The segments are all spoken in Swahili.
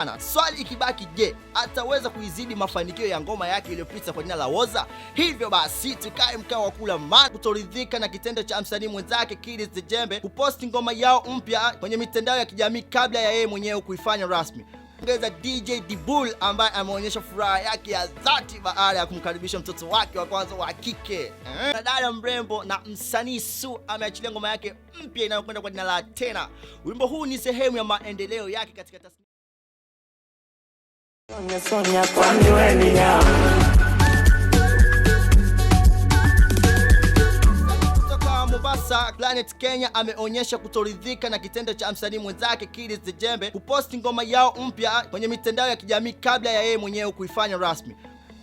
Ana, swali ikibaki, je, ataweza kuizidi mafanikio ya ngoma yake iliyopita kwa jina la Woza? Hivyo basi tukae mkao wa kula ma kutoridhika na kitendo cha msanii mwenzake Kidz the Jembe kuposti ngoma yao mpya kwenye mitandao ya kijamii kabla ya yeye mwenyewe kuifanya rasmi. Ongeza DJ Dibul ambaye ameonyesha furaha yake ya dhati baada ya kumkaribisha mtoto wake wa kwanza wa kike. Eh? Dada mrembo na msanii Su ameachilia ngoma yake mpya inayokwenda kwa jina la Tena. Wimbo huu ni sehemu ya maendeleo yake katika kutoka Mombasa, Planet Kenya ameonyesha kutoridhika na kitendo cha msanii mwenzake Kidz the Jembe kuposti ngoma yao mpya kwenye mitandao ya kijamii kabla ya yeye mwenyewe kuifanya rasmi.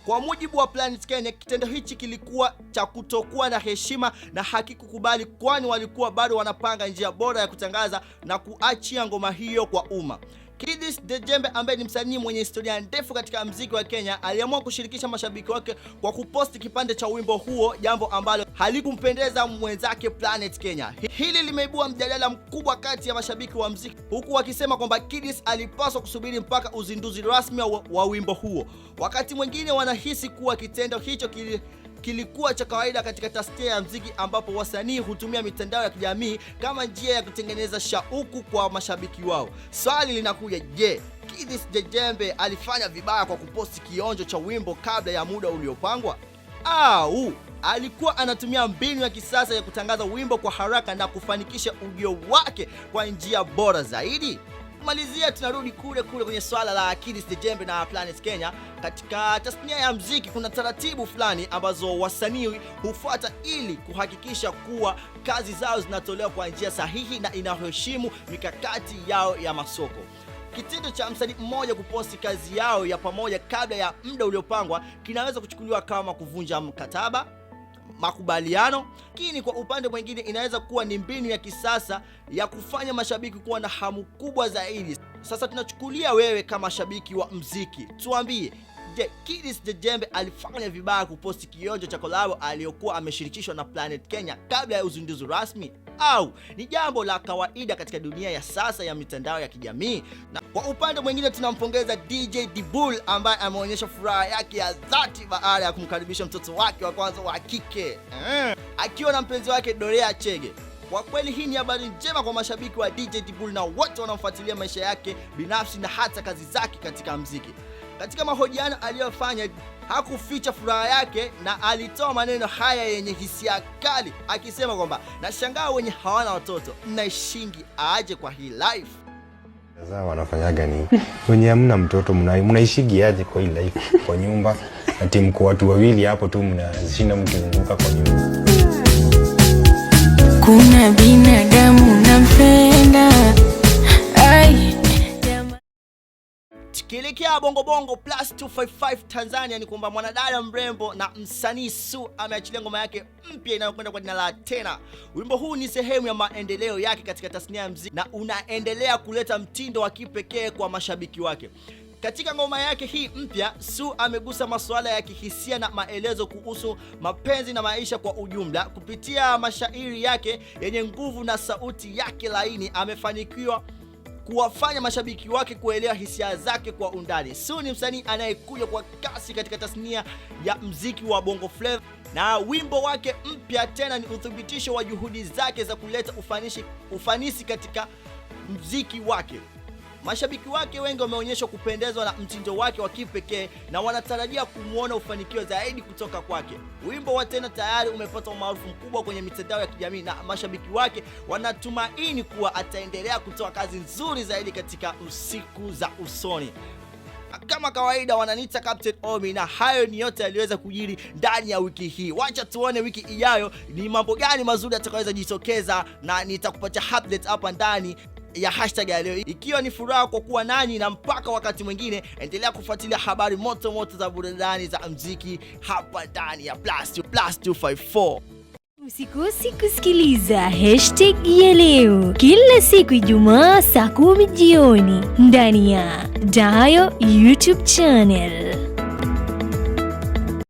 Kwa mujibu wa Planet Kenya, kitendo hichi kilikuwa cha kutokuwa na heshima na hakikukubali, kwani walikuwa bado wanapanga njia bora ya kutangaza na kuachia ngoma hiyo kwa umma. Kidis the Jembe ambaye ni msanii mwenye historia ndefu katika mziki wa Kenya aliamua kushirikisha mashabiki wake kwa kuposti kipande cha wimbo huo, jambo ambalo halikumpendeza mwenzake Planet Kenya. Hili limeibua mjadala mkubwa kati ya mashabiki wa mziki, huku wakisema kwamba Kidis alipaswa kusubiri mpaka uzinduzi rasmi wa, wa wimbo huo. Wakati mwingine wanahisi kuwa kitendo hicho kili kilikuwa cha kawaida katika tasnia ya mziki, ambapo wasanii hutumia mitandao ya kijamii kama njia ya kutengeneza shauku kwa mashabiki wao. Swali linakuja, je, Kidis Jejembe alifanya vibaya kwa kuposti kionjo cha wimbo kabla ya muda uliopangwa au alikuwa anatumia mbinu ya kisasa ya kutangaza wimbo kwa haraka na kufanikisha ujio wake kwa njia bora zaidi? kumalizia tunarudi kule kule kwenye swala la Kidis the Jembe na Planet Kenya. Katika tasnia ya mziki kuna taratibu fulani ambazo wasanii hufuata ili kuhakikisha kuwa kazi zao zinatolewa kwa njia sahihi na inayoheshimu mikakati yao ya masoko. Kitendo cha msanii mmoja kuposti kazi yao ya pamoja kabla ya muda uliopangwa kinaweza kuchukuliwa kama kuvunja mkataba makubaliano, lakini kwa upande mwingine inaweza kuwa ni mbinu ya kisasa ya kufanya mashabiki kuwa na hamu kubwa zaidi. Sasa tunachukulia wewe kama shabiki wa mziki, tuambie Je, Kidis the Jembe alifanya vibaya kuposti kionjo cha kolabo aliyokuwa ameshirikishwa na Planet Kenya kabla ya uzinduzi rasmi? au ni jambo la kawaida katika dunia ya sasa ya mitandao ya kijamii. Na kwa upande mwingine tunampongeza DJ Dibul ambaye ameonyesha furaha yake ya dhati baada ya kumkaribisha mtoto wake wa kwanza wa kike mm, akiwa na mpenzi wake Dorea Chege. Kwa kweli hii ni habari njema kwa mashabiki wa DJ Dibul na wote wanaofuatilia maisha yake binafsi na hata kazi zake katika mziki. Katika mahojiano aliyofanya hakuficha furaha yake na alitoa maneno haya yenye hisia kali akisema kwamba nashangaa wenye hawana watoto mnaishingi aje kwa hii life. Sasa wanafanyaga ni wenye hamna mtoto mnaishigi aje kwa hii life kwa nyumba ati mko watu wawili hapo tu mnashinda mkizunguka kwa nyumba. Kuna binadamu Bongo Bongobongo Plus 255 Tanzania, ni kwamba mwanadada mrembo na msanii Su ameachilia ngoma yake mpya inayokwenda kwa jina la Tena. Wimbo huu ni sehemu ya maendeleo yake katika tasnia ya muziki na unaendelea kuleta mtindo wa kipekee kwa mashabiki wake. Katika ngoma yake hii mpya Su amegusa masuala ya kihisia na maelezo kuhusu mapenzi na maisha kwa ujumla. Kupitia mashairi yake yenye nguvu na sauti yake laini, amefanikiwa kuwafanya mashabiki wake kuelewa hisia zake kwa undani. Su ni msanii anayekuja kwa kasi katika tasnia ya mziki wa Bongo Flava na wimbo wake mpya tena ni uthibitisho wa juhudi zake za kuleta ufanisi, ufanisi katika mziki wake. Mashabiki wake wengi wameonyeshwa kupendezwa na mtindo wake wa kipekee na wanatarajia kumwona ufanikio zaidi kutoka kwake. Wimbo wa Tena tayari umepata umaarufu mkubwa kwenye mitandao ya kijamii na mashabiki wake wanatumaini kuwa ataendelea kutoa kazi nzuri zaidi katika siku za usoni. Kama kawaida wananiita Captain Omi, na hayo ni yote yaliweza kujiri ndani ya wiki hii. Wacha tuone wiki ijayo ni mambo gani mazuri atakayoweza jitokeza, na nitakupatia update hapa ndani ya hashtag ya leo, ikiwa ni furaha kwa kuwa nanyi, na mpaka wakati mwingine, endelea kufuatilia habari moto moto za burudani za mziki hapa ndani ya Plus 254. Usikose kusikiliza hashtag ya leo kila siku Ijumaa saa kumi jioni ndani ya Dayo YouTube channel.